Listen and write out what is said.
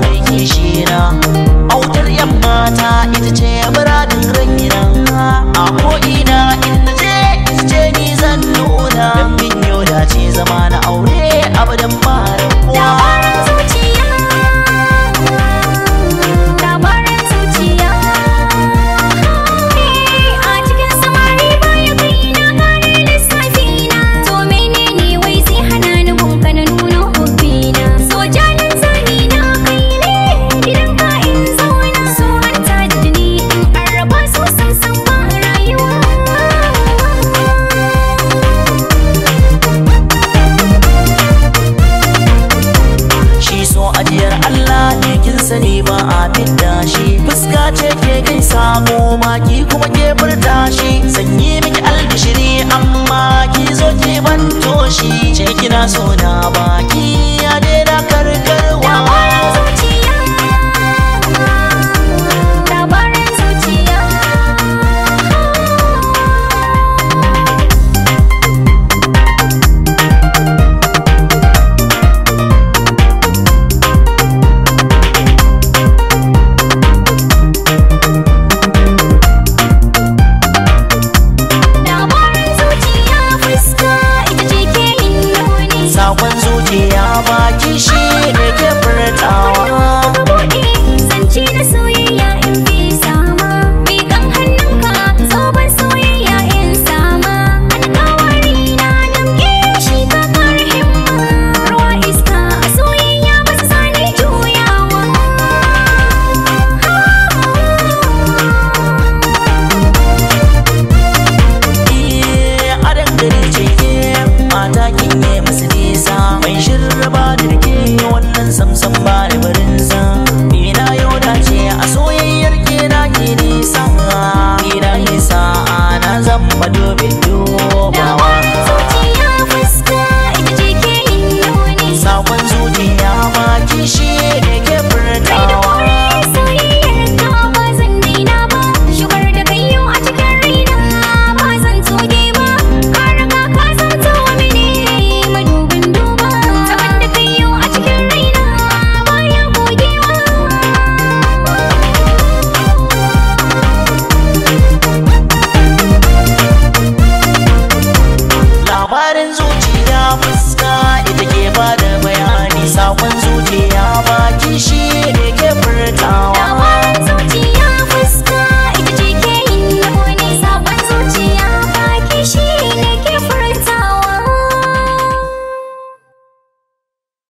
mai kishina autar yan mata ita ce muradin ran a ko'ina sani ba a fidda fuska ce ke kai samu maki kuma ke furta shi sanyi miki albishiri amma ki zo ki ban toshi ce kina so na baki mai shirra